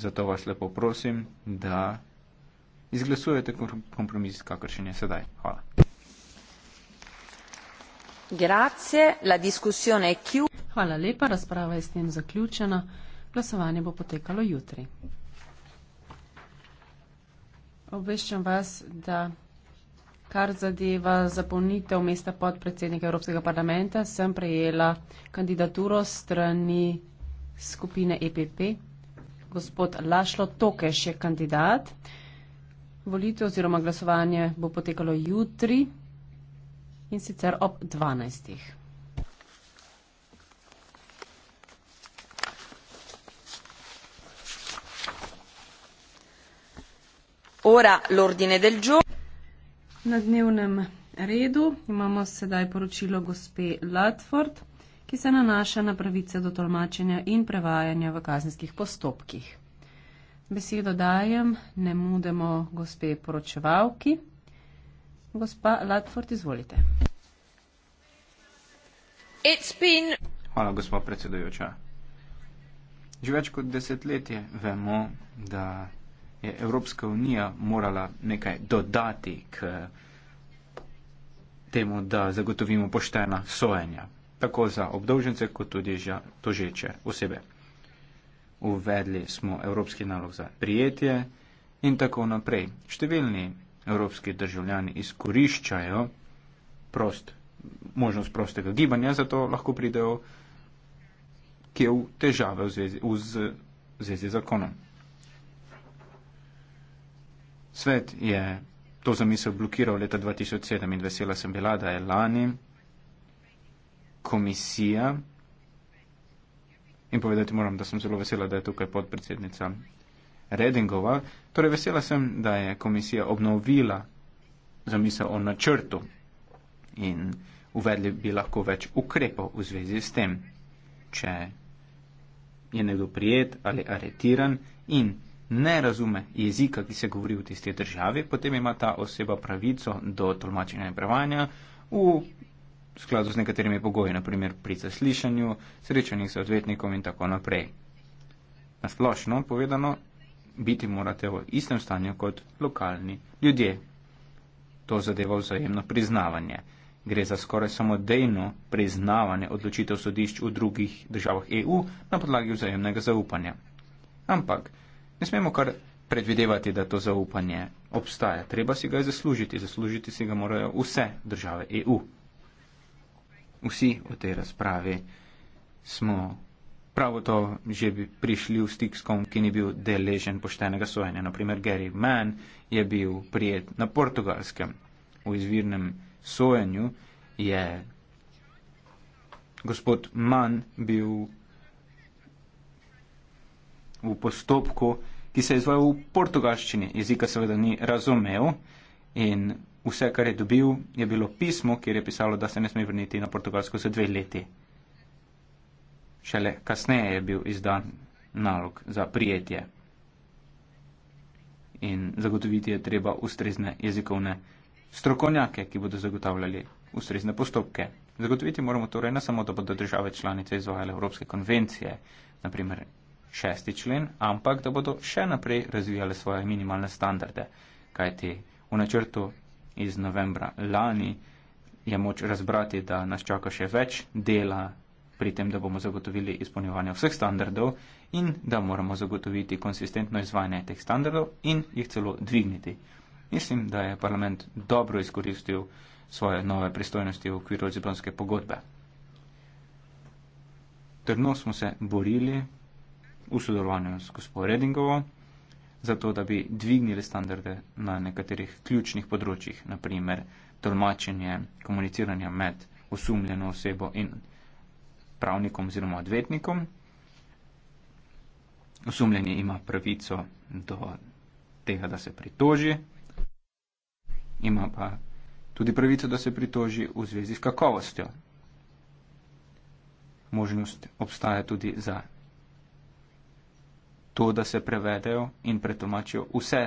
Zato vas lepo prosim, da izglasujete kompromis, kakršen je sedaj. Hvala. Hvala lepa, razprava je s tem zaključena. Glasovanje bo potekalo jutri. Obveščam vas, da kar zadeva zapolnitev mesta podpredsednika Evropskega parlamenta, sem prejela kandidaturo strani skupine EPP. Gospod Lašlo Tokeš je kandidat. Volitev oziroma glasovanje bo potekalo jutri in sicer ob 12. Ora l'ordine del giorno. Na dnevnem redu imamo sedaj poročilo gospe Latford ki se nanaša na pravice do tolmačenja in prevajanja v kazenskih postopkih. Besedo dajem, ne mudemo gospe poročevalki. Gospa Latford, izvolite. Been... Hvala, gospa predsedujoča. Že več kot desetletje vemo, da je Evropska unija morala nekaj dodati k temu, da zagotovimo poštena sojenja tako za obdolžence, kot tudi za tožeče osebe. Uvedli smo evropski nalog za prijetje in tako naprej. Številni evropski državljani izkoriščajo prost, možnost prostega gibanja, zato lahko pridejo kje v težave v zvezi, v zvezi z zakonom. Svet je to zamisel blokiral leta 2007 in vesela sem bila, da je lani komisija. In povedati moram, da sem zelo vesela, da je tukaj podpredsednica Redingova. Torej, vesela sem, da je komisija obnovila zamisel o načrtu in uvedli bi lahko več ukrepov v zvezi s tem, če je nekdo prijet ali aretiran in ne razume jezika, ki se govori v tisti državi, potem ima ta oseba pravico do tolmačenja in prevanja v v skladu z nekaterimi pogoji, naprimer pri zaslišanju, srečanjih s odvetnikom in tako naprej. Nasplošno povedano, biti morate v istem stanju kot lokalni ljudje. To zadeva vzajemno priznavanje. Gre za skoraj samodejno priznavanje odločitev sodišč v drugih državah EU na podlagi vzajemnega zaupanja. Ampak ne smemo kar predvidevati, da to zaupanje obstaja. Treba si ga zaslužiti. Zaslužiti si ga morajo vse države EU vsi v tej razpravi smo pravoto že prišli v stik s kom, ki ni bil deležen poštenega sojenja. Naprimer, Gary Mann je bil prijet na portugalskem. V izvirnem sojenju je gospod Mann bil v postopku, ki se je izvajal v portugalščini. Jezika seveda ni razumel in vse, kar je dobil, je bilo pismo, kjer je pisalo, da se ne sme vrniti na Portugalsko za dve leti. Šele kasneje je bil izdan nalog za prijetje. In zagotoviti je treba ustrezne jezikovne strokovnjake, ki bodo zagotavljali ustrezne postopke. Zagotoviti moramo torej ne samo, da bodo države članice izvajale Evropske konvencije, naprimer šesti člen, ampak da bodo še naprej razvijale svoje minimalne standarde, kajti v načrtu iz novembra lani, je moč razbrati, da nas čaka še več dela pri tem, da bomo zagotovili izpolnjevanje vseh standardov in da moramo zagotoviti konsistentno izvajanje teh standardov in jih celo dvigniti. Mislim, da je parlament dobro izkoristil svoje nove pristojnosti v okviru Lizbonske pogodbe. Trdno smo se borili v sodelovanju s gospod Redingovo zato da bi dvignili standarde na nekaterih ključnih področjih, naprimer tolmačenje, komuniciranje med osumljeno osebo in pravnikom oziroma odvetnikom. Osumljeni ima pravico do tega, da se pritoži, ima pa tudi pravico, da se pritoži v zvezi s kakovostjo. Možnost obstaja tudi za to, da se prevedejo in pretomačijo vse,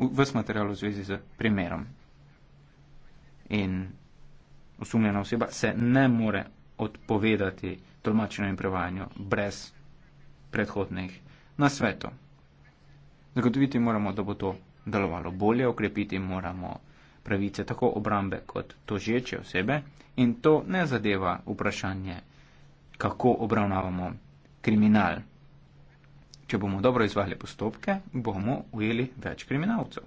ves material v zvezi z primerom. In osumljena oseba se ne more odpovedati tolmačenju in prevajanju brez predhodnih nasvetov. Zagotoviti moramo, da bo to delovalo bolje, okrepiti moramo pravice tako obrambe kot tožeče osebe in to ne zadeva vprašanje, kako obravnavamo kriminal. Če bomo dobro izvali postopke, bomo ujeli več kriminalcev.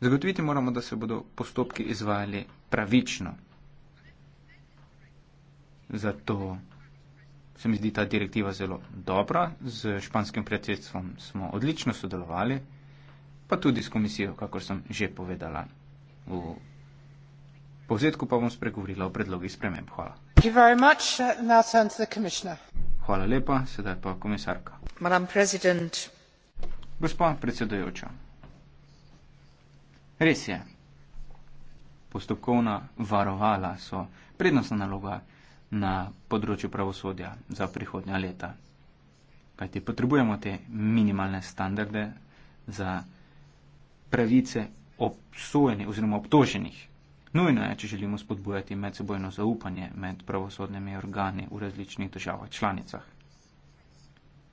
Zagotoviti moramo, da se bodo postopki izvajali pravično. Zato se mi zdi ta direktiva zelo dobra. Z španskim predsedstvom smo odlično sodelovali, pa tudi s komisijo, kakor sem že povedala. V povzetku pa bom spregovorila o predlogih sprememb. Hvala hvala lepa sedaj pa komisarka gospa predsedujoča res je postopkovna varovala so prednostna naloga na področju pravosodja za prihodnja leta kajti potrebujemo te minimalne standarde za pravice obsojenih oziroma obtoženih Nujno je, če želimo spodbujati medsebojno zaupanje med pravosodnimi organi v različnih državah članicah.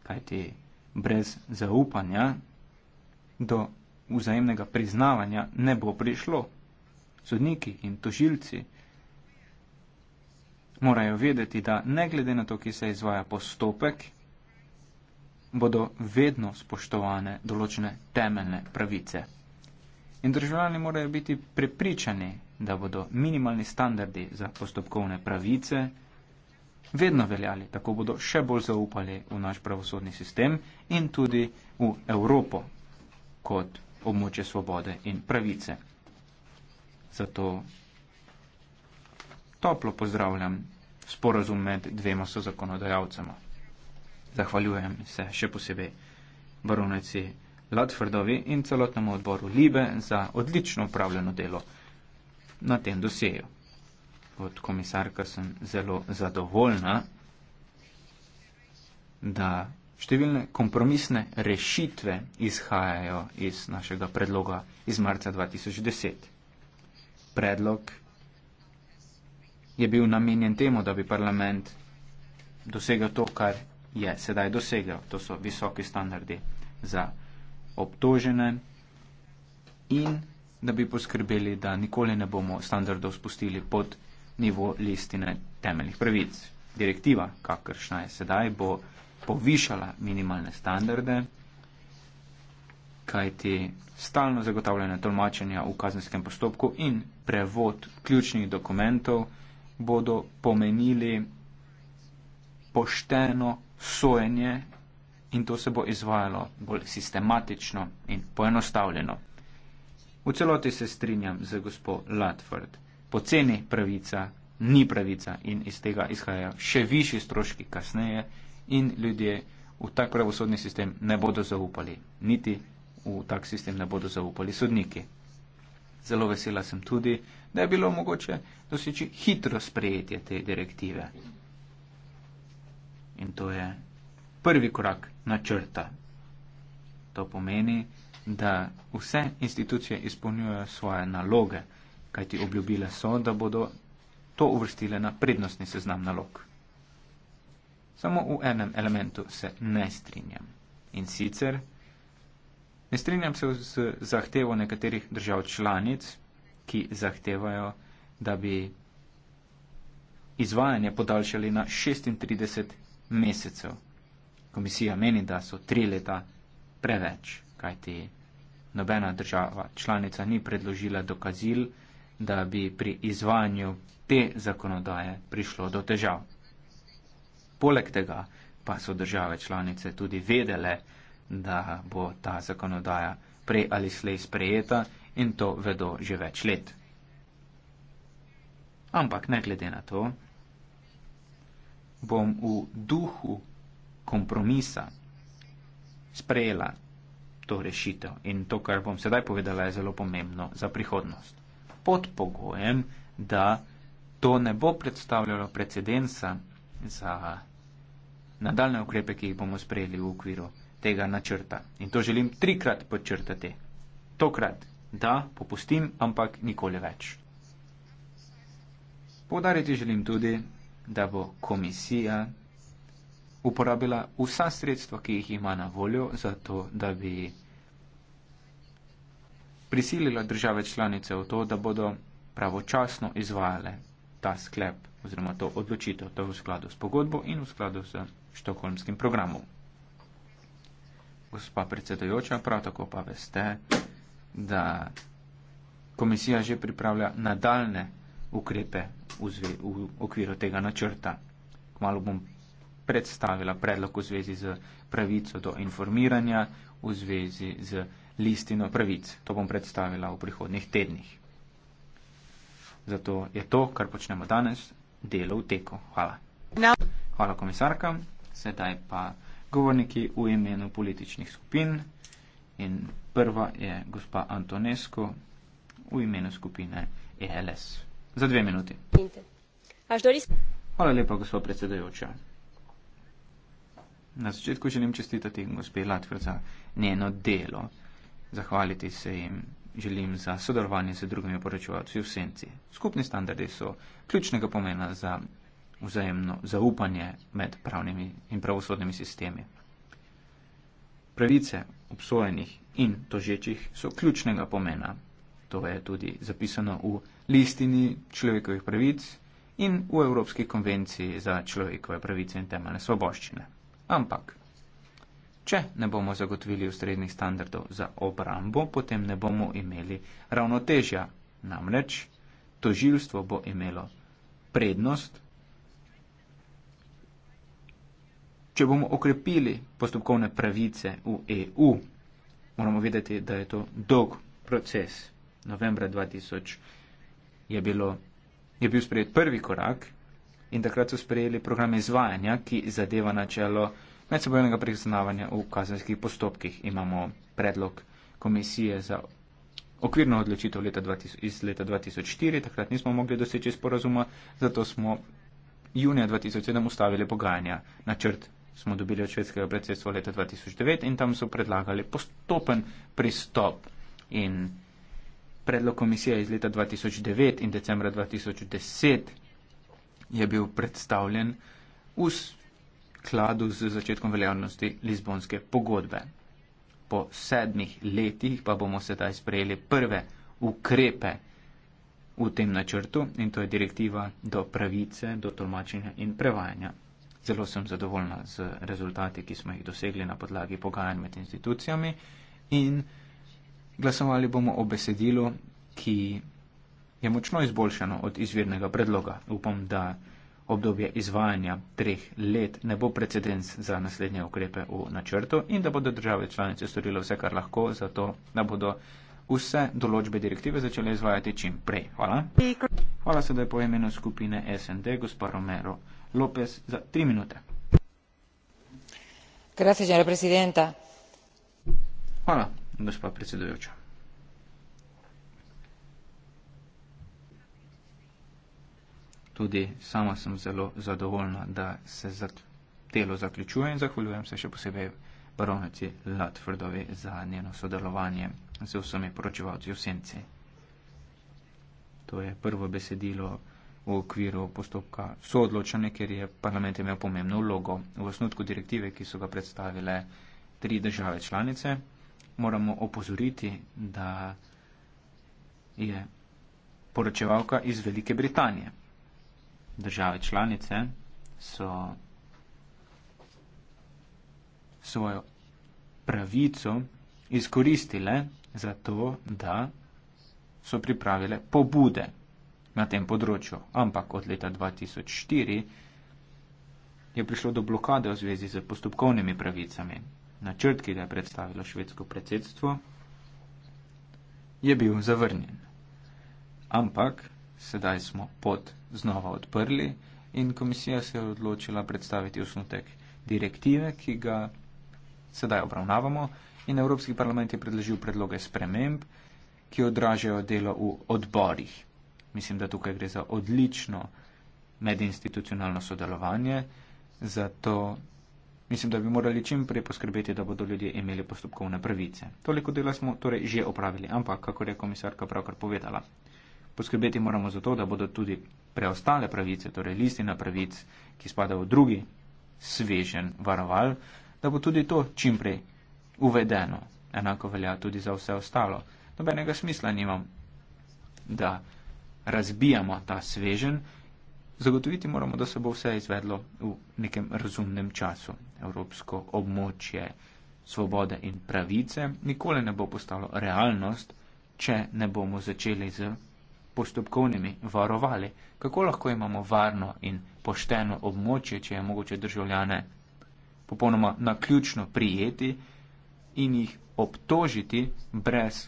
Kajti brez zaupanja do vzajemnega priznavanja ne bo prišlo. Sodniki in tožilci morajo vedeti, da ne glede na to, ki se izvaja postopek, bodo vedno spoštovane določene temeljne pravice. In državljani morajo biti prepričani, da bodo minimalni standardi za postopkovne pravice vedno veljali, tako bodo še bolj zaupali v naš pravosodni sistem in tudi v Evropo kot območje svobode in pravice. Zato toplo pozdravljam sporazum med dvema so zakonodajalcema. Zahvaljujem se še posebej baroneci Latfordovi in celotnemu odboru Libe za odlično upravljeno delo na tem doseju. Kot komisarka sem zelo zadovoljna, da številne kompromisne rešitve izhajajo iz našega predloga iz marca 2010. Predlog je bil namenjen temu, da bi parlament dosegel to, kar je sedaj dosegel. To so visoki standardi za obtožene in da bi poskrbeli, da nikoli ne bomo standardov spustili pod nivo listine temeljnih pravic. Direktiva, kakršna je sedaj, bo povišala minimalne standarde, kajti stalno zagotavljanje tolmačenja v kazenskem postopku in prevod ključnih dokumentov bodo pomenili pošteno sojenje in to se bo izvajalo bolj sistematično in poenostavljeno. V celoti se strinjam z gospo Latford. Poceni pravica ni pravica in iz tega izhajajo še višji stroški kasneje in ljudje v tak pravosodni sistem ne bodo zaupali, niti v tak sistem ne bodo zaupali sodniki. Zelo vesela sem tudi, da je bilo mogoče doseči hitro sprejetje te direktive. In to je prvi korak načrta. To pomeni, da vse institucije izpolnjujejo svoje naloge, kajti obljubile so, da bodo to uvrstile na prednostni seznam nalog. Samo v enem elementu se ne strinjam. In sicer ne strinjam se z zahtevo nekaterih držav članic, ki zahtevajo, da bi izvajanje podaljšali na 36 mesecev. Komisija meni, da so tri leta preveč kajti nobena država članica ni predložila dokazil, da bi pri izvanju te zakonodaje prišlo do težav. Poleg tega pa so države članice tudi vedele, da bo ta zakonodaja prej ali slej sprejeta in to vedo že več let. Ampak ne glede na to, bom v duhu kompromisa sprejela to rešitev. In to, kar bom sedaj povedala, je zelo pomembno za prihodnost. Pod pogojem, da to ne bo predstavljalo precedensa za nadaljne ukrepe, ki jih bomo sprejeli v okviru tega načrta. In to želim trikrat podčrtati. Tokrat, da popustim, ampak nikoli več. Povdariti želim tudi, da bo komisija uporabila vsa sredstva, ki jih ima na voljo, zato da bi prisilila države članice v to, da bodo pravočasno izvajale ta sklep oziroma to odločitev, to je v skladu s pogodbo in v skladu s štokholmskim programom. Gospa predsedojoča, prav tako pa veste, da komisija že pripravlja nadaljne ukrepe v, zve, v okviru tega načrta. Kmalo bom predstavila predlog v zvezi z pravico do informiranja, v zvezi z listino pravic. To bom predstavila v prihodnih tednih. Zato je to, kar počnemo danes, delo v teku. Hvala. Hvala, komisarka. Sedaj pa govorniki v imenu političnih skupin. In prva je gospa Antonesko v imenu skupine ELS. Za dve minuti. Hvala lepa, gospod predsedajoča. Na začetku želim čestitati gospe Latvijo za njeno delo. Zahvaliti se jim želim za sodelovanje z drugimi poročevalci v senci. Skupni standardi so ključnega pomena za vzajemno zaupanje med pravnimi in pravosodnimi sistemi. Pravice obsojenih in tožečih so ključnega pomena. To je tudi zapisano v listini človekovih pravic in v Evropski konvenciji za človekove pravice in temeljne svoboščine. Ampak, če ne bomo zagotovili ustrednih standardov za obrambo, potem ne bomo imeli ravnotežja. Namreč, tožilstvo bo imelo prednost, če bomo okrepili postopkovne pravice v EU. Moramo vedeti, da je to dolg proces. Novembra 2000 je, bilo, je bil sprejet prvi korak in takrat so sprejeli program izvajanja, ki zadeva načelo medsebojnega priznavanja v kazenskih postopkih. Imamo predlog komisije za okvirno odločitev leta 2000, iz leta 2004, takrat nismo mogli doseči sporazuma, zato smo junija 2007 ustavili pogajanja. Načrt smo dobili od švedskega predsedstva leta 2009 in tam so predlagali postopen pristop in predlog komisije iz leta 2009 in decembra 2010 je bil predstavljen v skladu z začetkom veljavnosti Lizbonske pogodbe. Po sedmih letih pa bomo sedaj sprejeli prve ukrepe v tem načrtu in to je direktiva do pravice, do tolmačenja in prevajanja. Zelo sem zadovoljna z rezultati, ki smo jih dosegli na podlagi pogajanj med institucijami in glasovali bomo o besedilu, ki je močno izboljšano od izvirnega predloga. Upam, da obdobje izvajanja treh let ne bo precedens za naslednje ukrepe v načrtu in da bodo države članice storile vse, kar lahko, zato da bodo vse določbe direktive začele izvajati čim prej. Hvala. Hvala sedaj po imenu skupine SND, gospod Romero López, za tri minute. Hvala, gospod predsedujoča. tudi sama sem zelo zadovoljna, da se delo zaključuje in zahvaljujem se še posebej baronici Ludfordovi za njeno sodelovanje z vsemi poročevalci v senci. To je prvo besedilo v okviru postopka soodločanja, ker je parlament imel pomembno vlogo v osnutku direktive, ki so ga predstavile tri države članice. Moramo opozoriti, da je poročevalka iz Velike Britanije države članice so svojo pravico izkoristile za to, da so pripravile pobude na tem področju. Ampak od leta 2004 je prišlo do blokade v zvezi z postopkovnimi pravicami. Načrt, ki ga je predstavilo švedsko predsedstvo, je bil zavrnjen. Ampak sedaj smo pod znova odprli in komisija se je odločila predstaviti osnutek direktive, ki ga sedaj obravnavamo in Evropski parlament je predložil predloge sprememb, ki odražajo delo v odborih. Mislim, da tukaj gre za odlično medinstitucionalno sodelovanje, zato mislim, da bi morali čim prej poskrbeti, da bodo ljudje imeli postopkovne pravice. Toliko dela smo torej že opravili, ampak, kako je komisarka pravkar povedala, poskrbeti moramo za to, da bodo tudi preostale pravice, torej listina pravic, ki spada v drugi svežen varoval, da bo tudi to čimprej uvedeno. Enako velja tudi za vse ostalo. Nobenega smisla nimam, da razbijamo ta svežen. Zagotoviti moramo, da se bo vse izvedlo v nekem razumnem času. Evropsko območje svobode in pravice nikoli ne bo postalo realnost, če ne bomo začeli z postopkovnimi varovali. Kako lahko imamo varno in pošteno območje, če je mogoče državljane popolnoma naključno prijeti in jih obtožiti brez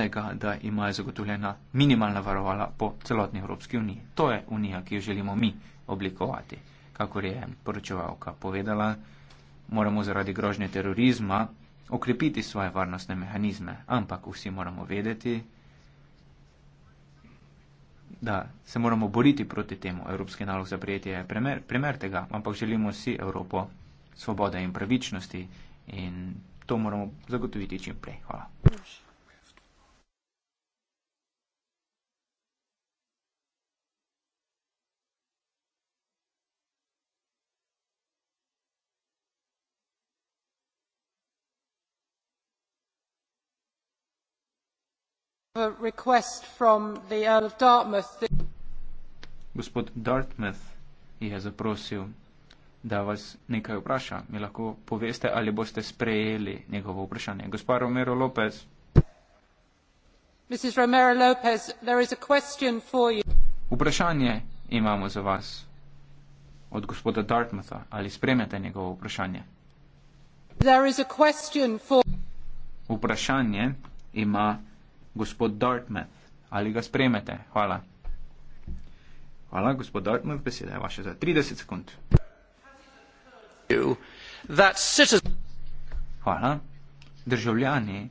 tega, da imajo zagotovljena minimalna varovala po celotni Evropski uniji. To je unija, ki jo želimo mi oblikovati. Kakor je poročevalka povedala, moramo zaradi grožnje terorizma okrepiti svoje varnostne mehanizme, ampak vsi moramo vedeti, da se moramo boriti proti temu. Evropski nalog za prijetje je primer, primer tega, ampak želimo si Evropo svobode in pravičnosti in to moramo zagotoviti čim prej. Hvala. Uš. Gospod Dartmouth je zaprosil, da vas nekaj vpraša. Mi lahko poveste, ali boste sprejeli njegovo vprašanje. Gospod Romero Lopez. Mrs. Romero Lopez, there is a question for you. Vprašanje imamo za vas od gospoda Dartmouta. Ali spremete njegovo vprašanje? There is a question for... Vprašanje ima gospod Dartmouth. Ali ga spremete? Hvala. Hvala, gospod Dartmouth. Beseda je vaša za 30 sekund. Hvala. Državljani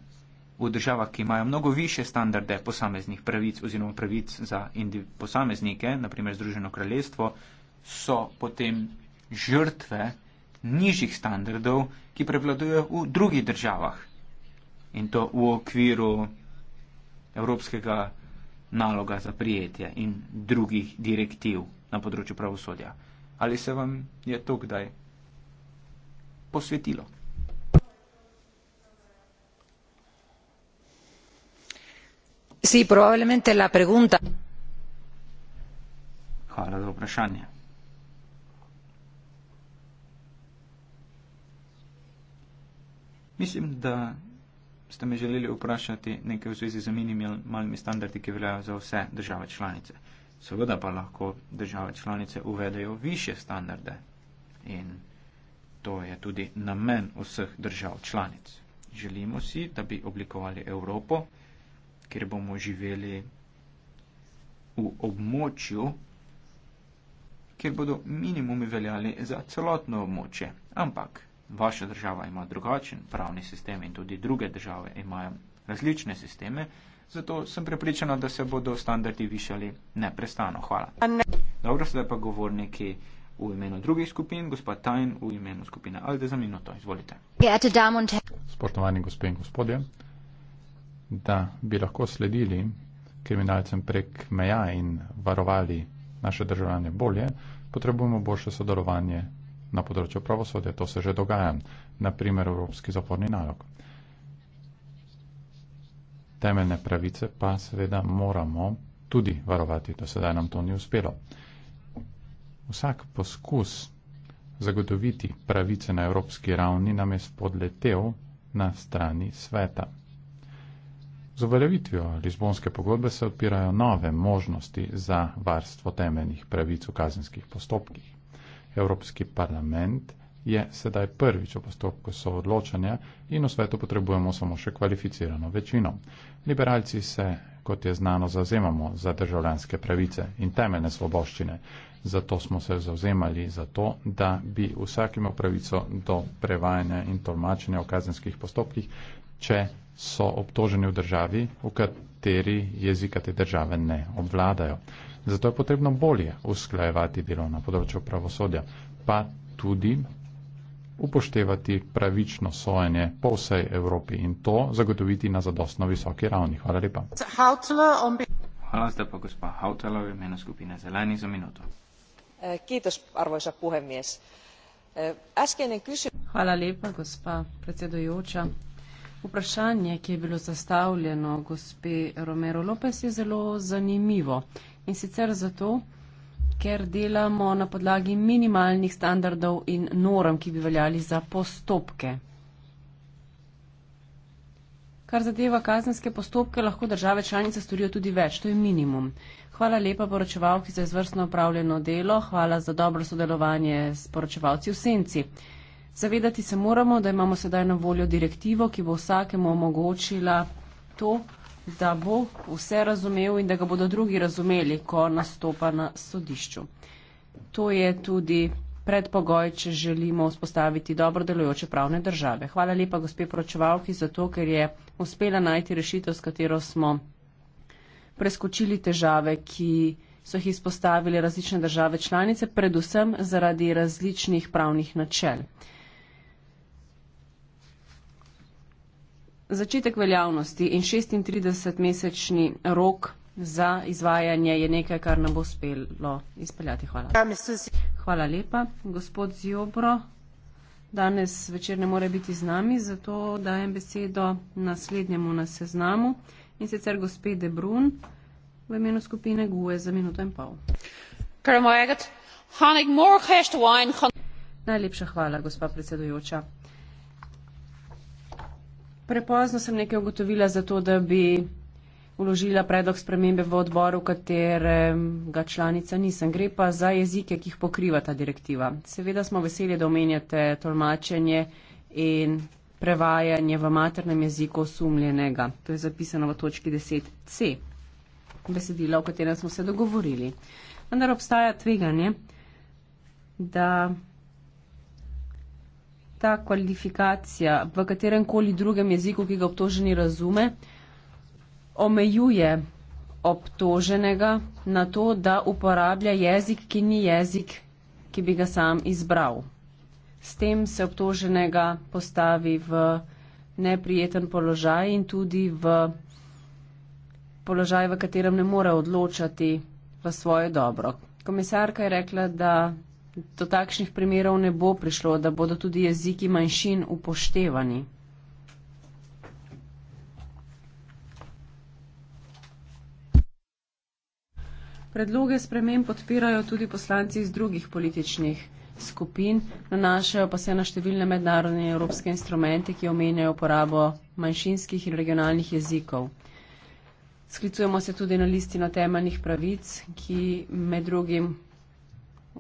v državah, ki imajo mnogo više standarde posameznih pravic oziroma pravic za posameznike, naprimer Združeno kraljestvo, so potem žrtve nižjih standardov, ki prevladujejo v drugih državah. In to v okviru evropskega naloga za prijetje in drugih direktiv na področju pravosodja. Ali se vam je to kdaj posvetilo? Sí, probablemente la pregunta. Hvala za vprašanje. Mislim, da ste me želeli vprašati nekaj v zvezi z minimalnimi standardi, ki veljajo za vse države članice. Seveda pa lahko države članice uvedejo više standarde in to je tudi namen vseh držav članic. Želimo si, da bi oblikovali Evropo, kjer bomo živeli v območju, kjer bodo minimumi veljali za celotno območje. Ampak vaša država ima drugačen pravni sistem in tudi druge države imajo različne sisteme, zato sem prepričana, da se bodo standardi višali neprestano. Hvala. Dobro, sedaj pa govorniki v imenu drugih skupin, gospod Tajn v imenu skupine Alde za minuto. Izvolite. Spoštovani gospe in gospodje, da bi lahko sledili kriminalcem prek meja in varovali naše državljane bolje, potrebujemo boljše sodelovanje na področju pravosodja. To se že dogaja, naprimer Evropski zaporni nalog. Temeljne pravice pa seveda moramo tudi varovati, da sedaj nam to ni uspelo. Vsak poskus zagotoviti pravice na evropski ravni nam je spodletel na strani sveta. Z uveljavitvijo Lizbonske pogodbe se odpirajo nove možnosti za varstvo temeljnih pravic v kazenskih postopkih. Evropski parlament je sedaj prvič v postopku soodločanja in v svetu potrebujemo samo še kvalificirano večino. Liberalci se, kot je znano, zazemamo za državljanske pravice in temeljne svoboščine. Zato smo se zauzemali za to, da bi vsak imel pravico do prevajanja in tolmačenja v kazenskih postopkih, če so obtoženi v državi, v kateri jezika te države ne obvladajo. Zato je potrebno bolje usklajevati delo na področju pravosodja, pa tudi upoštevati pravično sojenje po vsej Evropi in to zagotoviti na zadostno visoki ravni. Hvala lepa. Hvala zdaj pa gospa Hautala v imenu skupine Zeleni za minuto. Eh, Kitos, arvoisa puhemies. Eh, äskeinen kysymys. Hvala lepa, gospa predsedujoča. Vprašanje, ki je bilo zastavljeno gospe Romero Lopes, je zelo zanimivo. In sicer zato, ker delamo na podlagi minimalnih standardov in norem, ki bi veljali za postopke. Kar zadeva kazenske postopke, lahko države članice storijo tudi več, to je minimum. Hvala lepa poročevalki za izvrstno upravljeno delo, hvala za dobro sodelovanje s poročevalci v senci. Zavedati se moramo, da imamo sedaj na voljo direktivo, ki bo vsakemu omogočila to, da bo vse razumel in da ga bodo drugi razumeli, ko nastopa na sodišču. To je tudi predpogoj, če želimo vzpostaviti dobro delujoče pravne države. Hvala lepa, gospe poročevalki, za to, ker je uspela najti rešitev, s katero smo preskočili težave, ki so jih izpostavili različne države članice, predvsem zaradi različnih pravnih načel. začetek veljavnosti in 36-mesečni rok za izvajanje je nekaj, kar ne bo spelo izpeljati. Hvala. Ja, hvala lepa. Gospod Zjobro, danes večer ne more biti z nami, zato dajem besedo naslednjemu na seznamu in sicer gospe De Brun v imenu skupine GUE za minuto in pol. Najlepša hvala, gospa predsedujoča prepozno sem nekaj ugotovila za to, da bi uložila predlog spremembe v odboru, v katerem ga članica nisem. Gre pa za jezike, ki jih pokriva ta direktiva. Seveda smo veseli, da omenjate tolmačenje in prevajanje v maternem jeziku osumljenega. To je zapisano v točki 10c besedila, o katerem smo se dogovorili. Vendar obstaja tveganje, da ta kvalifikacija v katerem koli drugem jeziku, ki ga obtoženi razume, omejuje obtoženega na to, da uporablja jezik, ki ni jezik, ki bi ga sam izbral. S tem se obtoženega postavi v neprijeten položaj in tudi v položaj, v katerem ne more odločati v svoje dobro. Komisarka je rekla, da do takšnih primerov ne bo prišlo, da bodo tudi jeziki manjšin upoštevani. Predloge spremem podpirajo tudi poslanci iz drugih političnih skupin, nanašajo pa se na številne mednarodne evropske instrumente, ki omenjajo uporabo manjšinskih in regionalnih jezikov. Sklicujemo se tudi na listino temeljnih pravic, ki med drugim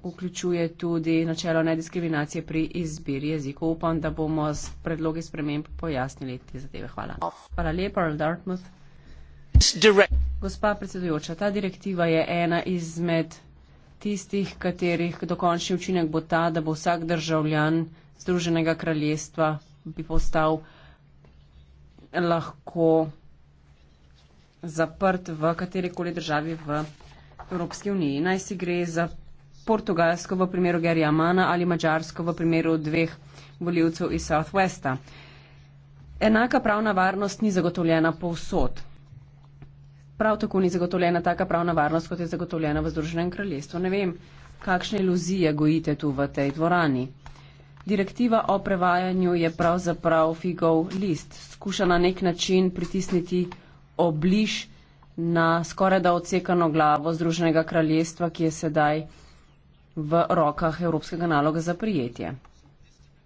vključuje tudi načelo nediskriminacije pri izbiri jezikov. Upam, da bomo s predlogi sprememb pojasnili te zadeve. Hvala. Hvala lepa, Earl Dartmouth. Gospa predsedujoča, ta direktiva je ena izmed tistih, katerih dokončni učinek bo ta, da bo vsak državljan Združenega kraljestva bi postal lahko zaprt v katerikoli državi v Evropski uniji. Naj si gre za Portugalsko v primeru Gerija Mana ali Mačarsko v primeru dveh voljivcev iz Southwesta. Enaka pravna varnost ni zagotovljena povsod. Prav tako ni zagotovljena taka pravna varnost, kot je zagotovljena v Združenem kraljestvu. Ne vem, kakšne iluzije gojite tu v tej dvorani. Direktiva o prevajanju je pravzaprav figov list. Skuša na nek način pritisniti obliž na skoraj da odsekano glavo Združenega kraljestva, ki je sedaj v rokah Evropskega naloga za prijetje.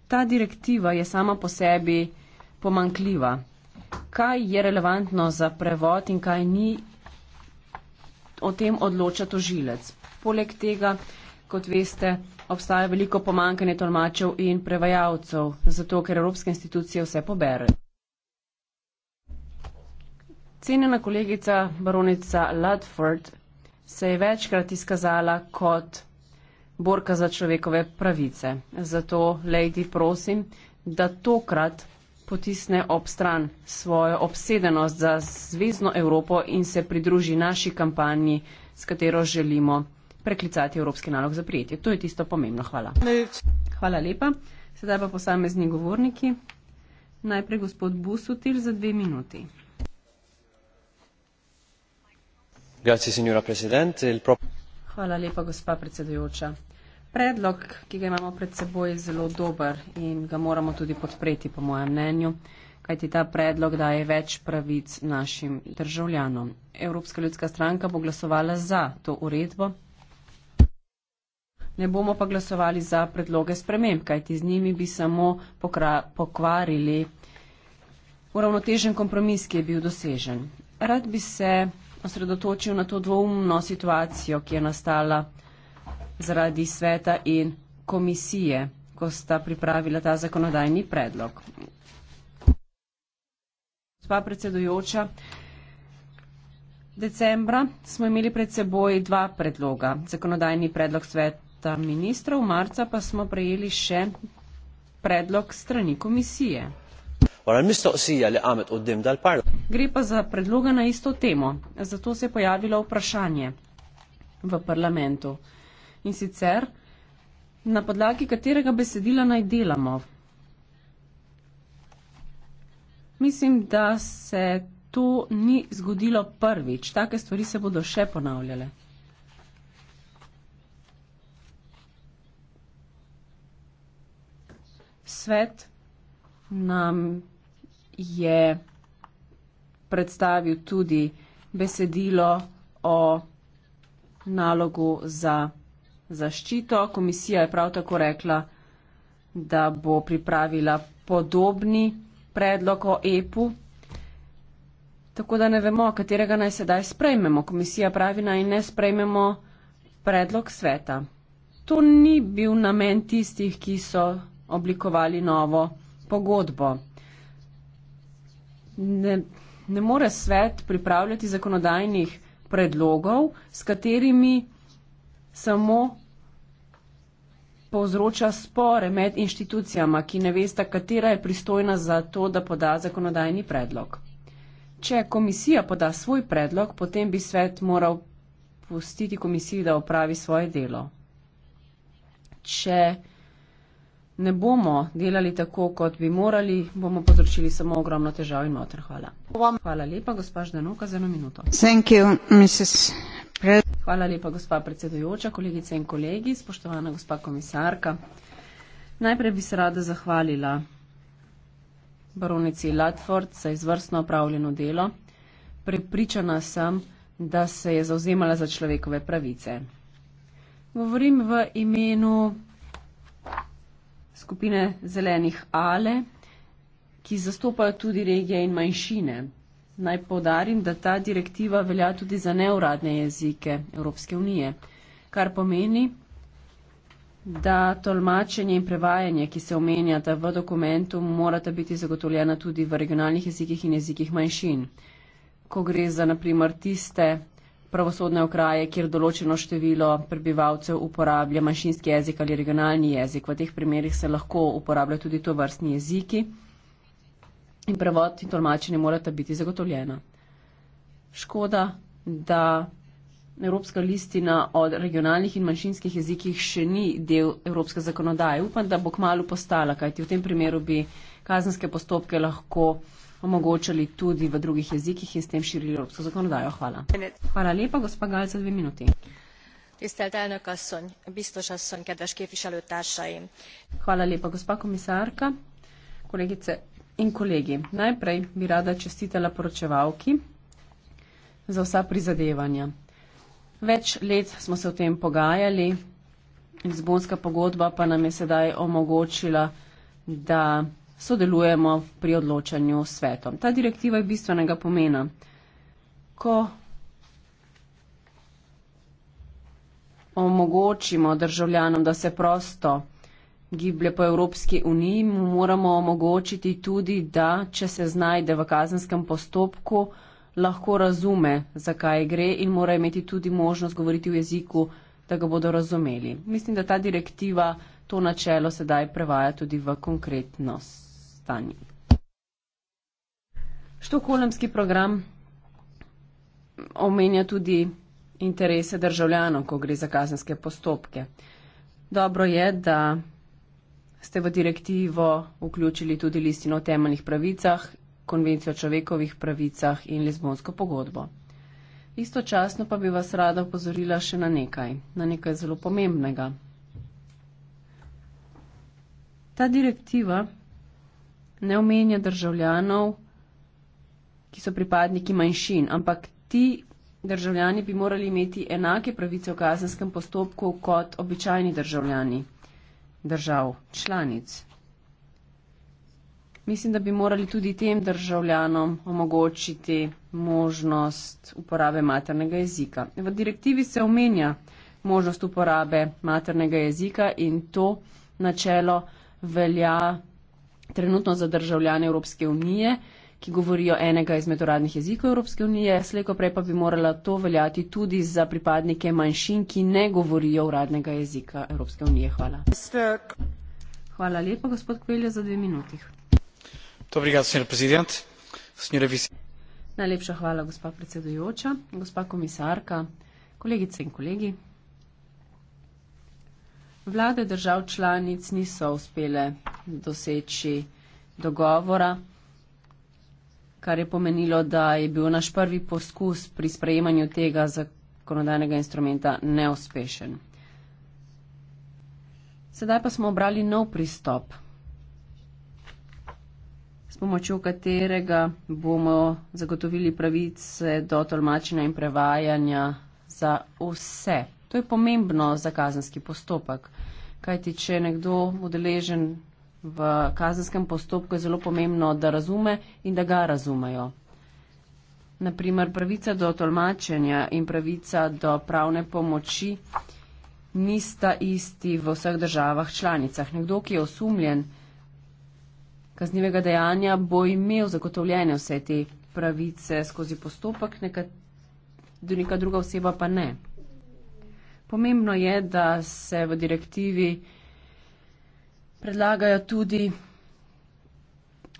Ta direktiva je sama po sebi pomankljiva. Kaj je relevantno za prevod in kaj ni, o tem odloča tožilec. Poleg tega, kot veste, obstaja veliko pomankanje tolmačev in prevajalcev, zato ker evropske institucije vse pobere. Cenjena kolegica baronica Ludford se je večkrat izkazala kot borka za človekove pravice. Zato, Lady, prosim, da tokrat potisne ob stran svojo obsedenost za zvezdno Evropo in se pridruži naši kampanji, s katero želimo preklicati Evropski nalog za prijetje. To je tisto pomembno. Hvala. Hvala lepa. Sedaj pa posamezni govorniki. Najprej gospod Busutil za dve minuti. Grazie, signora Presidente. Il pro... Hvala lepa, gospa predsedujoča. Predlog, ki ga imamo pred seboj, je zelo dober in ga moramo tudi podpreti, po mojem mnenju, kajti ta predlog daje več pravic našim državljanom. Evropska ljudska stranka bo glasovala za to uredbo. Ne bomo pa glasovali za predloge sprememb, kajti z njimi bi samo pokvarili uravnotežen kompromis, ki je bil dosežen. Rad bi se osredotočil na to dvoumno situacijo, ki je nastala zaradi sveta in komisije, ko sta pripravila ta zakonodajni predlog. Gospa predsedujoča, decembra smo imeli pred seboj dva predloga, zakonodajni predlog sveta ministrov, marca pa smo prejeli še predlog strani komisije. Gre pa za predloga na isto temo, zato se je pojavilo vprašanje v parlamentu. In sicer, na podlagi katerega besedila naj delamo? Mislim, da se to ni zgodilo prvič. Take stvari se bodo še ponavljale. Svet nam je predstavil tudi besedilo o nalogu za zaščito. Komisija je prav tako rekla, da bo pripravila podobni predlog o EPU. Tako da ne vemo, katerega naj sedaj sprejmemo. Komisija pravi naj ne sprejmemo predlog sveta. To ni bil namen tistih, ki so oblikovali novo pogodbo ne, ne more svet pripravljati zakonodajnih predlogov, s katerimi samo povzroča spore med inštitucijama, ki ne veste, katera je pristojna za to, da poda zakonodajni predlog. Če komisija poda svoj predlog, potem bi svet moral pustiti komisiji, da opravi svoje delo. Če ne bomo delali tako, kot bi morali, bomo povzročili samo ogromno težav in noter. Hvala. Hvala lepa, gospa Ždanuka, za eno minuto. Hvala lepa, gospa predsedujoča, kolegice in kolegi, spoštovana gospa komisarka. Najprej bi se rada zahvalila baronici Latford za izvrstno opravljeno delo. Prepričana sem, da se je zauzemala za človekove pravice. Govorim v imenu skupine zelenih ale, ki zastopajo tudi regije in manjšine. Naj povdarim, da ta direktiva velja tudi za neuradne jezike Evropske unije, kar pomeni, da tolmačenje in prevajanje, ki se omenjata v dokumentu, morata biti zagotovljena tudi v regionalnih jezikih in jezikih manjšin. Ko gre za naprimer tiste pravosodne okraje, kjer določeno število prebivalcev uporablja manjšinski jezik ali regionalni jezik. V teh primerjih se lahko uporabljajo tudi to vrstni jeziki in prevod in tolmačenje morata biti zagotovljena. Škoda, da Evropska listina o regionalnih in manjšinskih jezikih še ni del Evropske zakonodaje. Upam, da bo kmalo postala, kajti v tem primeru bi kazenske postopke lahko omogočali tudi v drugih jezikih in s tem širili evropsko zakonodajo. Hvala. Hvala lepa, gospa Galca, dve minuti. Tisztelt elnök asszony, biztos asszony, kedves képviselőtársaim! Hvala lépa, gospa komisárka, kolegice in kolegi. Najprej bi rada čestitela poročevalki za vsa prizadevanja. Več let smo se o tem pogajali, Lizbonska pogodba pa nam je sedaj omogočila, da sodelujemo pri odločanju s svetom. Ta direktiva je bistvenega pomena. Ko omogočimo državljanom, da se prosto giblje po Evropski uniji, moramo omogočiti tudi, da če se znajde v kazenskem postopku, lahko razume, zakaj gre in mora imeti tudi možnost govoriti v jeziku, da ga bodo razumeli. Mislim, da ta direktiva to načelo sedaj prevaja tudi v konkretnost stanju. Štokholmski program omenja tudi interese državljanov, ko gre za kazenske postopke. Dobro je, da ste v direktivo vključili tudi listino o temeljnih pravicah, konvencijo o človekovih pravicah in lizbonsko pogodbo. Istočasno pa bi vas rada opozorila še na nekaj, na nekaj zelo pomembnega. Ta direktiva ne omenja državljanov, ki so pripadniki manjšin, ampak ti državljani bi morali imeti enake pravice v kazenskem postopku kot običajni državljani držav članic. Mislim, da bi morali tudi tem državljanom omogočiti možnost uporabe maternega jezika. V direktivi se omenja možnost uporabe maternega jezika in to načelo velja trenutno za državljane Evropske unije, ki govorijo enega izmed uradnih jezikov Evropske unije, slejko prej pa bi morala to veljati tudi za pripadnike manjšin, ki ne govorijo uradnega jezika Evropske unije. Hvala. Hvala lepa, gospod Kvelja, za dve minuti. Najlepša hvala, gospa predsedujoča, gospa komisarka, kolegice in kolegi. Vlade držav članic niso uspele doseči dogovora, kar je pomenilo, da je bil naš prvi poskus pri sprejemanju tega zakonodajnega instrumenta neuspešen. Sedaj pa smo obrali nov pristop, s pomočjo katerega bomo zagotovili pravice do tolmačenja in prevajanja za vse. To je pomembno za kazenski postopek, kajti če nekdo udeležen v kazenskem postopku je zelo pomembno, da razume in da ga razumejo. Naprimer, pravica do tolmačenja in pravica do pravne pomoči nista isti v vseh državah članicah. Nekdo, ki je osumljen kaznivega dejanja, bo imel zagotovljene vse te pravice skozi postopek, neka, neka druga oseba pa ne. Pomembno je, da se v direktivi predlagajo tudi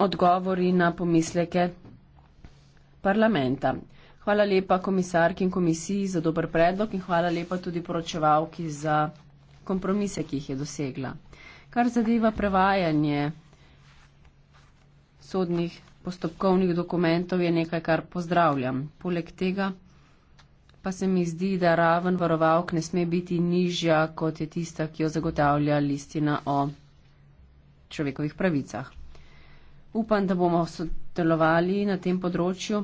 odgovori na pomisleke parlamenta. Hvala lepa komisarki in komisiji za dober predlog in hvala lepa tudi poročevalki za kompromise, ki jih je dosegla. Kar zadeva prevajanje sodnih postopkovnih dokumentov je nekaj, kar pozdravljam. Poleg tega pa se mi zdi, da raven varovalk ne sme biti nižja, kot je tista, ki jo zagotavlja listina o človekovih pravicah. Upam, da bomo sodelovali na tem področju.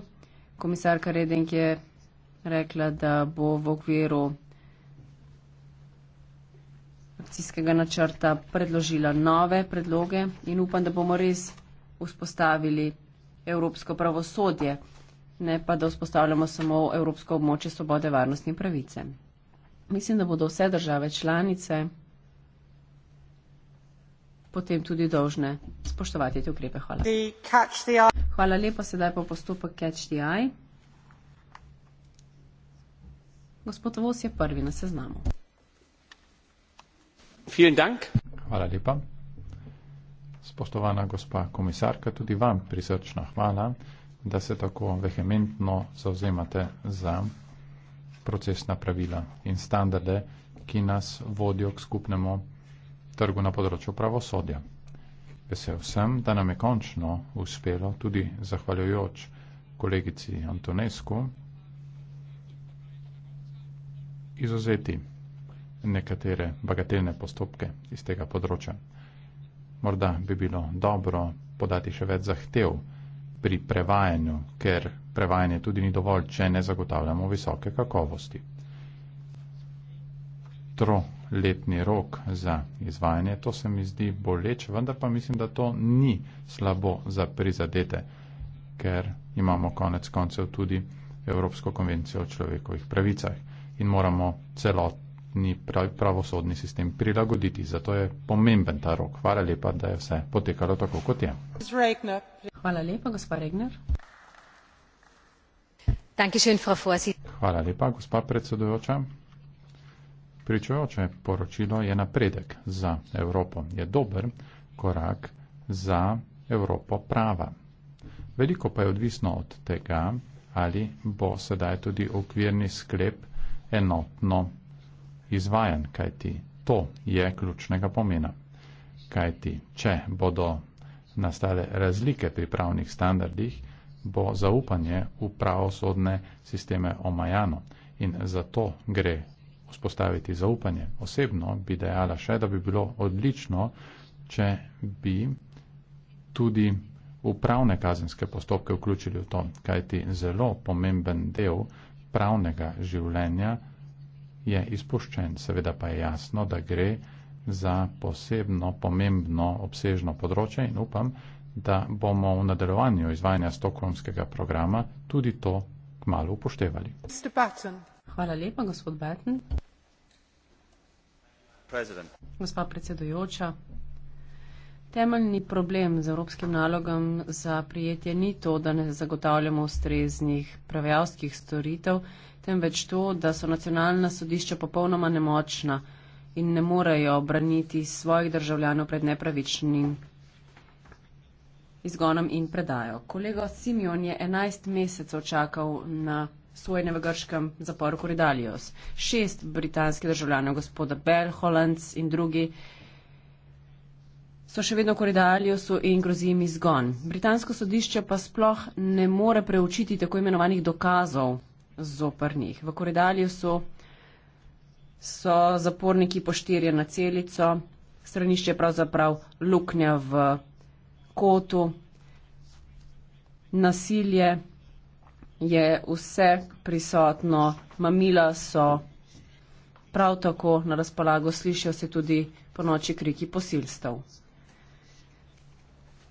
Komisarka Redenk je rekla, da bo v okviru akcijskega načrta predložila nove predloge in upam, da bomo res vzpostavili evropsko pravosodje, ne pa da vzpostavljamo samo evropsko območje svobode, varnosti in pravice. Mislim, da bodo vse države članice potem tudi dolžne spoštovati te ukrepe. Hvala. Hvala lepa, sedaj pa postopek Catch the Eye. Gospod Vos je prvi na seznamu. Hvala lepa. Spoštovana gospa komisarka, tudi vam prisrčna hvala, da se tako vehementno zauzemate za procesna pravila in standarde, ki nas vodijo k skupnemu trgu na področju pravosodja. Vesel sem, da nam je končno uspelo, tudi zahvaljujoč kolegici Antonesku, izuzeti nekatere bagatelne postopke iz tega področja. Morda bi bilo dobro podati še več zahtev pri prevajanju, ker prevajanje tudi ni dovolj, če ne zagotavljamo visoke kakovosti letni rok za izvajanje. To se mi zdi boleče, vendar pa mislim, da to ni slabo za prizadete, ker imamo konec koncev tudi Evropsko konvencijo o človekovih pravicah in moramo celotni pravosodni sistem prilagoditi. Zato je pomemben ta rok. Hvala lepa, da je vse potekalo tako, kot je. Hvala lepa, gospod Regner. Hvala lepa, gospa predsedujoča. Pričujoče poročilo je napredek za Evropo, je dober korak za Evropo prava. Veliko pa je odvisno od tega, ali bo sedaj tudi okvirni sklep enotno izvajan, kajti to je ključnega pomena. Kajti, če bodo nastale razlike pri pravnih standardih, bo zaupanje v pravosodne sisteme omajano in zato gre vzpostaviti zaupanje. Osebno bi dejala še, da bi bilo odlično, če bi tudi upravne kazenske postopke vključili v to, kajti zelo pomemben del pravnega življenja je izpuščen. Seveda pa je jasno, da gre za posebno pomembno obsežno področje in upam, da bomo v nadaljevanju izvajanja stokholmskega programa tudi to kmalo upoštevali. Hvala lepa, gospod Batten. Gospa predsedujoča, temeljni problem z evropskim nalogom za prijetje ni to, da ne zagotavljamo ustreznih pravjavskih storitev, temveč to, da so nacionalna sodišča popolnoma nemočna in ne morejo obraniti svojih državljanov pred nepravičnim izgonom in predajo. Kolega Simion je 11 mesecev čakal na sojene v grškem zaporu Koridalios. Šest britanskih državljanov, gospoda Bell, Hollands in drugi, so še vedno v Koridaliosu in grozi jim izgon. Britansko sodišče pa sploh ne more preučiti tako imenovanih dokazov zoprnih. V Koridaliosu so zaporniki poštirje na celico, stranišče je pravzaprav luknja v kotu, nasilje, je vse prisotno, mamila so prav tako na razpolago, slišijo se tudi po noči kriki posilstev.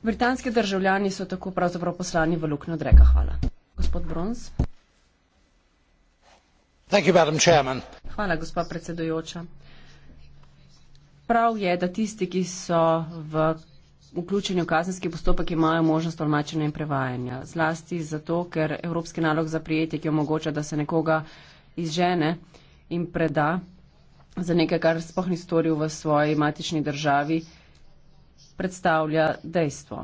Britanski državljani so tako pravzaprav poslani v luknjo Dreka. Hvala. Gospod Bronz. Thank you, madam chairman. Hvala, gospod predsedujoča. Prav je, da tisti, ki so v vključeni v kazenski postopek imajo možnost tolmačenja in prevajanja. Zlasti zato, ker evropski nalog za prijetje, ki omogoča, da se nekoga izžene in preda za nekaj, kar sploh ni storil v svoji matični državi, predstavlja dejstvo.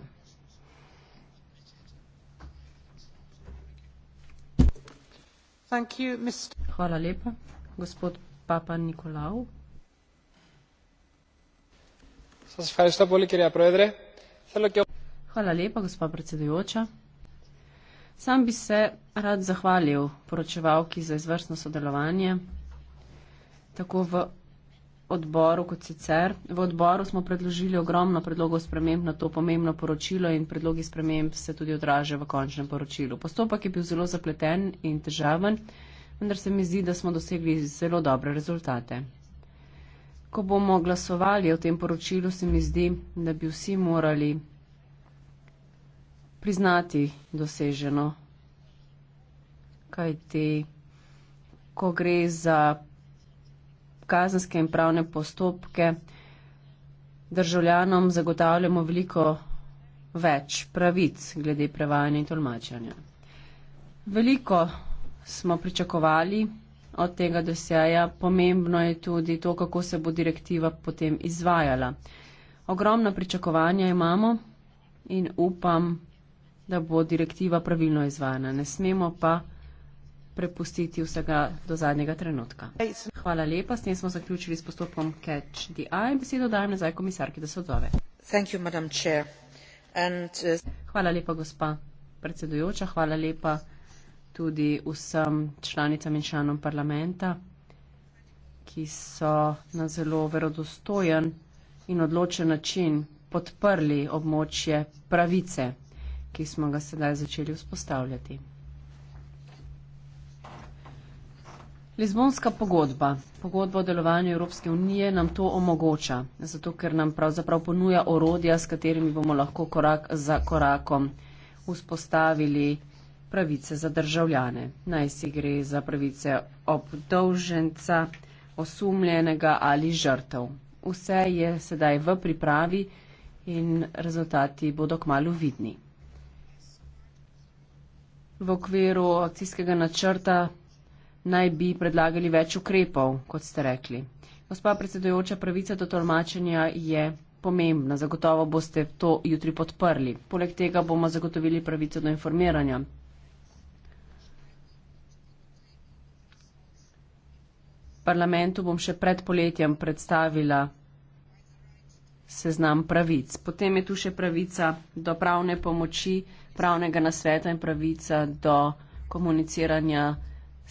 Hvala lepa, gospod Papa Nikolau. Hvala lepa, gospa predsedujoča. Sam bi se rad zahvalil poročevalki za izvrstno sodelovanje, tako v odboru kot sicer. V odboru smo predložili ogromno predlogov sprememb na to pomembno poročilo in predlogi sprememb se tudi odražajo v končnem poročilu. Postopek je bil zelo zapleten in težaven, vendar se mi zdi, da smo dosegli zelo dobre rezultate. Ko bomo glasovali o tem poročilu, se mi zdi, da bi vsi morali priznati doseženo, kajti ko gre za kazenske in pravne postopke, državljanom zagotavljamo veliko več pravic glede prevajanja in tolmačanja. Veliko smo pričakovali, od tega doseja, pomembno je tudi to, kako se bo direktiva potem izvajala. Ogromna pričakovanja imamo in upam, da bo direktiva pravilno izvajana. Ne smemo pa prepustiti vsega do zadnjega trenutka. Hvala lepa, s tem smo zaključili s postopkom Catch the Eye. Besedo dajem nazaj komisarki, da se odzove. You, And, uh... Hvala lepa, gospa predsedujoča. Hvala lepa tudi vsem članicam in članom parlamenta, ki so na zelo verodostojen in odločen način podprli območje pravice, ki smo ga sedaj začeli vzpostavljati. Lizbonska pogodba, pogodba o delovanju Evropske unije nam to omogoča, zato ker nam pravzaprav ponuja orodja, s katerimi bomo lahko korak za korakom vzpostavili pravice za državljane. Naj si gre za pravice obdolženca, osumljenega ali žrtev. Vse je sedaj v pripravi in rezultati bodo kmalo vidni. V okviru akcijskega načrta naj bi predlagali več ukrepov, kot ste rekli. Gospa predsedujoča, pravica do tolmačenja je pomembna. Zagotovo boste to jutri podprli. Poleg tega bomo zagotovili pravico do informiranja. parlamentu bom še pred poletjem predstavila seznam pravic. Potem je tu še pravica do pravne pomoči, pravnega nasveta in pravica do komuniciranja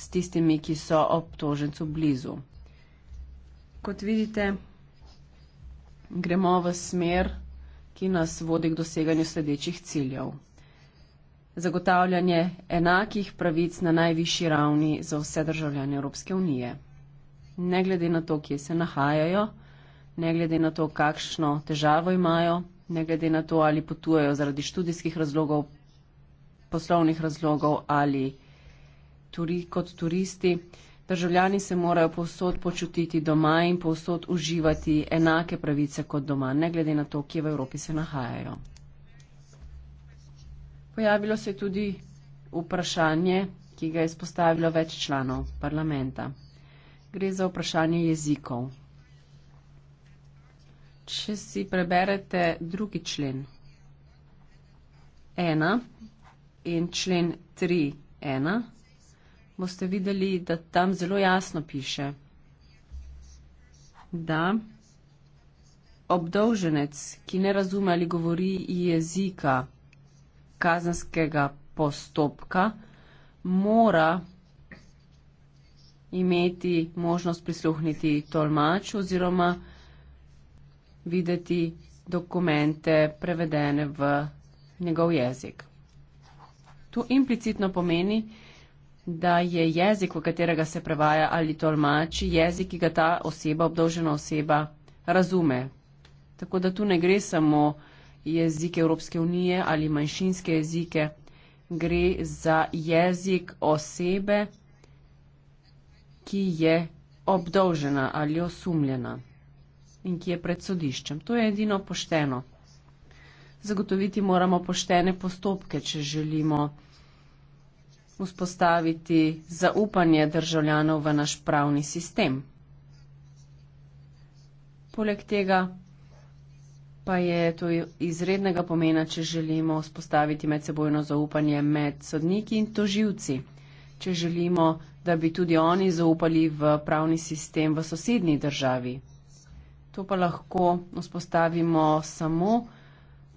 s tistimi, ki so obtožencu blizu. Kot vidite, gremo v smer, ki nas vodi k doseganju sledečih ciljev. Zagotavljanje enakih pravic na najvišji ravni za vse državljane Evropske unije ne glede na to, kje se nahajajo, ne glede na to, kakšno težavo imajo, ne glede na to, ali potujejo zaradi študijskih razlogov, poslovnih razlogov ali turi, kot turisti. Državljani se morajo povsod počutiti doma in povsod uživati enake pravice kot doma, ne glede na to, kje v Evropi se nahajajo. Pojavilo se je tudi vprašanje, ki ga je izpostavilo več članov parlamenta. Gre za vprašanje jezikov. Če si preberete drugi člen ena in člen tri ena, boste videli, da tam zelo jasno piše, da obdolženec, ki ne razume ali govori jezika kazanskega postopka, mora imeti možnost prisluhniti tolmač oziroma videti dokumente prevedene v njegov jezik. To implicitno pomeni, da je jezik, v katerega se prevaja ali tolmači, jezik, ki ga ta oseba, obdolžena oseba, razume. Tako da tu ne gre samo jezik Evropske unije ali manjšinske jezike, gre za jezik osebe, ki je obdolžena ali osumljena in ki je pred sodiščem. To je edino pošteno. Zagotoviti moramo poštene postopke, če želimo vzpostaviti zaupanje državljanov v naš pravni sistem. Poleg tega pa je to izrednega pomena, če želimo vzpostaviti medsebojno zaupanje med sodniki in toživci, če želimo da bi tudi oni zaupali v pravni sistem v sosednji državi. To pa lahko vzpostavimo samo,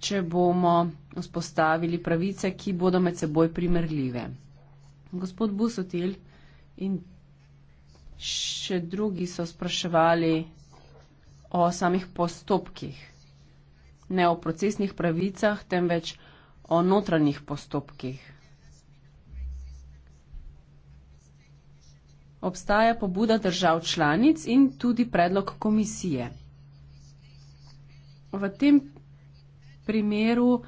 če bomo vzpostavili pravice, ki bodo med seboj primerljive. Gospod Busotil in še drugi so spraševali o samih postopkih, ne o procesnih pravicah, temveč o notranjih postopkih. obstaja pobuda držav članic in tudi predlog komisije. V tem primeru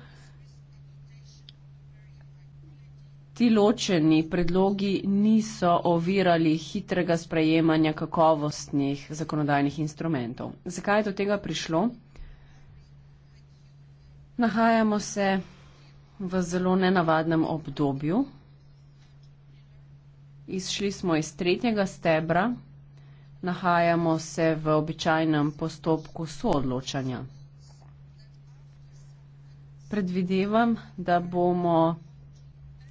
ti ločeni predlogi niso ovirali hitrega sprejemanja kakovostnih zakonodajnih instrumentov. Zakaj je do tega prišlo? Nahajamo se v zelo nenavadnem obdobju. Izšli smo iz tretjega stebra, nahajamo se v običajnem postopku soodločanja. Predvidevam, da bomo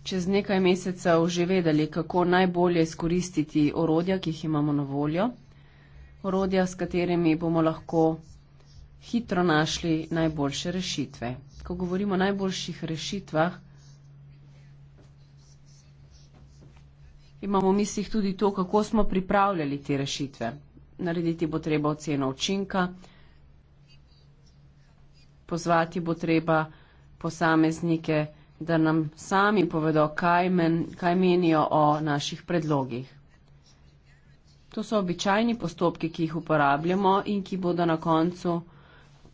čez nekaj mesecev že vedeli, kako najbolje izkoristiti orodja, ki jih imamo na voljo, orodja, s katerimi bomo lahko hitro našli najboljše rešitve. Ko govorimo o najboljših rešitvah, imamo v mislih tudi to, kako smo pripravljali te rešitve. Narediti bo treba oceno učinka, pozvati bo treba posameznike, da nam sami povedo, kaj, men, kaj menijo o naših predlogih. To so običajni postopki, ki jih uporabljamo in ki bodo na koncu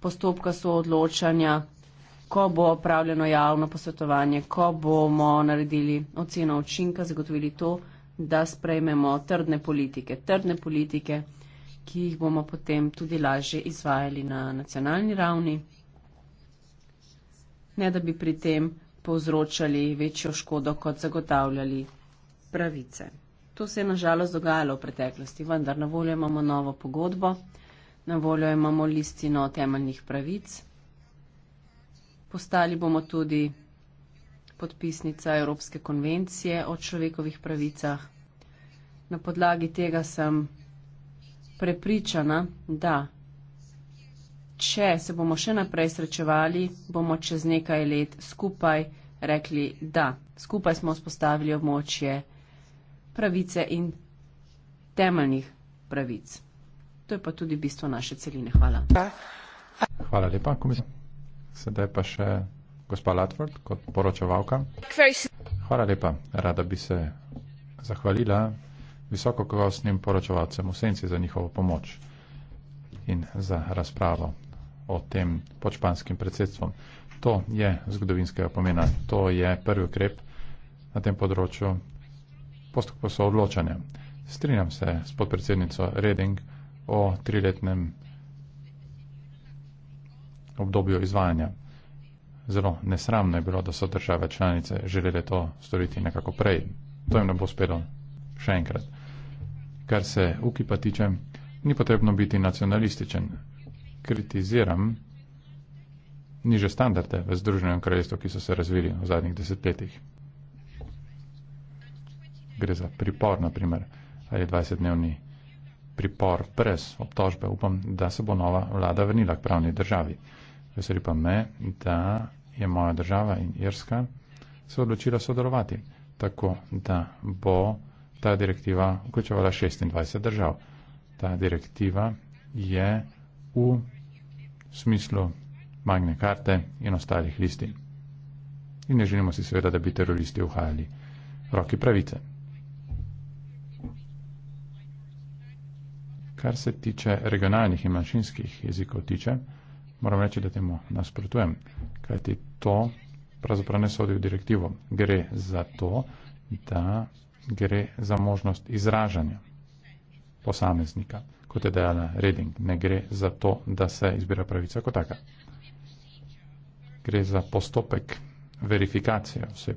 postopka soodločanja, ko bo opravljeno javno posvetovanje, ko bomo naredili oceno učinka, zagotovili to, da sprejmemo trdne politike. Trdne politike, ki jih bomo potem tudi lažje izvajali na nacionalni ravni, ne da bi pri tem povzročali večjo škodo, kot zagotavljali pravice. To se je nažalost dogajalo v preteklosti, vendar na voljo imamo novo pogodbo, na voljo imamo listino temeljnih pravic. Postali bomo tudi podpisnica Evropske konvencije o človekovih pravicah. Na podlagi tega sem prepričana, da če se bomo še naprej srečevali, bomo čez nekaj let skupaj rekli, da skupaj smo vzpostavili območje pravice in temeljnih pravic. To je pa tudi bistvo naše celine. Hvala. Hvala lepa, komisar. Sedaj pa še gospa Latford, kot poročevalka. Hvala lepa. Rada bi se zahvalila visokokosnim poročevalcem v senci za njihovo pomoč in za razpravo o tem pod španskim predsedstvom. To je zgodovinskega pomena. To je prvi ukrep na tem področju postopkov soodločanja. Strinjam se s podpredsednico Reding o triletnem obdobju izvajanja zelo nesramno je bilo, da so države članice želele to storiti nekako prej. To jim ne bo uspelo še enkrat. Kar se UKIP-a tiče, ni potrebno biti nacionalističen. Kritiziram niže standarde v Združenem kraljestvu, ki so se razvili v zadnjih desetletjih. Gre za pripor, naprimer, ali 20-dnevni pripor brez obtožbe. Upam, da se bo nova vlada vrnila k pravni državi. Veseli pa me, da je moja država in Irska, se odločila sodelovati, tako da bo ta direktiva vključevala 26 držav. Ta direktiva je v smislu magne karte in ostalih listin. In ne želimo si seveda, da bi teroristi uhajali roki pravice. Kar se tiče regionalnih in manjšinskih jezikov tiče, moram reči, da temu nasprotujem, kajti to pravzaprav ne sodi v direktivo. Gre za to, da gre za možnost izražanja posameznika, kot je dejala Reding. Ne gre za to, da se izbira pravica kot taka. Gre za postopek verifikacije oseb,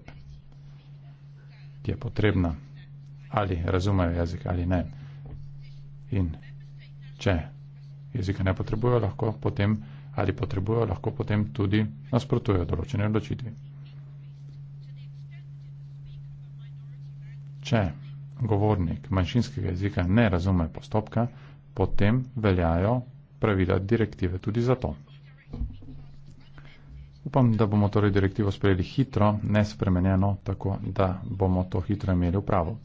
ki je potrebna, ali razumejo jezik ali ne. In če jezika ne potrebujejo, lahko potem ali potrebujejo, lahko potem tudi nasprotujejo določene odločitvi. Če govornik manjšinskega jezika ne razume postopka, potem veljajo pravila direktive tudi za to. Upam, da bomo torej direktivo sprejeli hitro, nespremenjeno, tako da bomo to hitro imeli v pravu.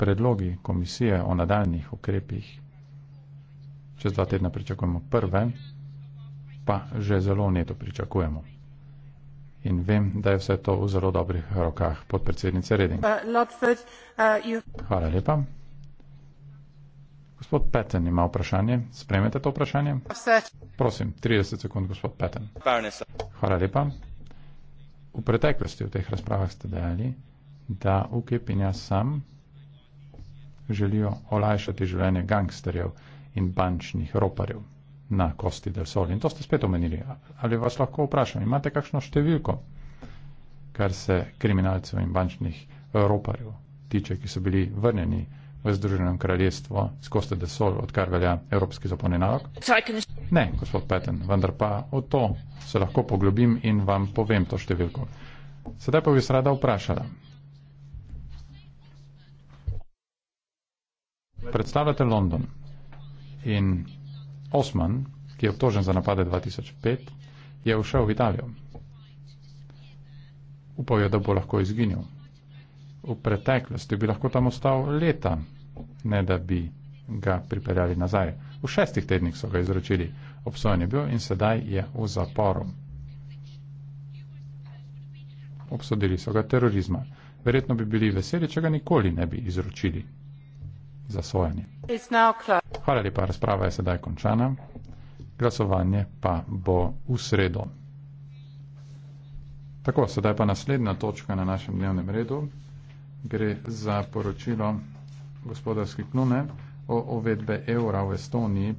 Predlogi komisije o nadaljnih ukrepih čez dva tedna pričakujemo prve, pa že zelo neto pričakujemo. In vem, da je vse to v zelo dobrih rokah podpredsednice Reding. Uh, uh, Hvala lepa. Gospod Petten ima vprašanje. Spremete to vprašanje? Prosim, 30 sekund, gospod Petten. Hvala lepa. V preteklosti v teh razpravah ste dejali, da UKIP in jaz sam želijo olajšati življenje gangsterjev in bančnih roparjev na Kosti del Sol. In to ste spet omenili. Ali vas lahko vprašam, imate kakšno številko, kar se kriminalcev in bančnih roparjev tiče, ki so bili vrnjeni v Združenem kraljestvu z Kosti del Sol, odkar velja Evropski zaponen nalog? Ne, gospod Peten, vendar pa o to se lahko poglobim in vam povem to številko. Sedaj pa bi se rada vprašala. Predstavljate London, In Osman, ki je obtožen za napade 2005, je ušel v Italijo. Upal je, da bo lahko izginil. V preteklosti bi lahko tam ostal leta, ne da bi ga pripeljali nazaj. V šestih tednih so ga izročili, obsojen je bil in sedaj je v zaporu. Obsodili so ga terorizma. Verjetno bi bili veseli, če ga nikoli ne bi izročili za sojanje. Hvala lepa, razprava je sedaj končana. Glasovanje pa bo v sredo. Tako, sedaj pa naslednja točka na našem dnevnem redu. Gre za poročilo gospodarske klune o uvedbe evra v Estoniji.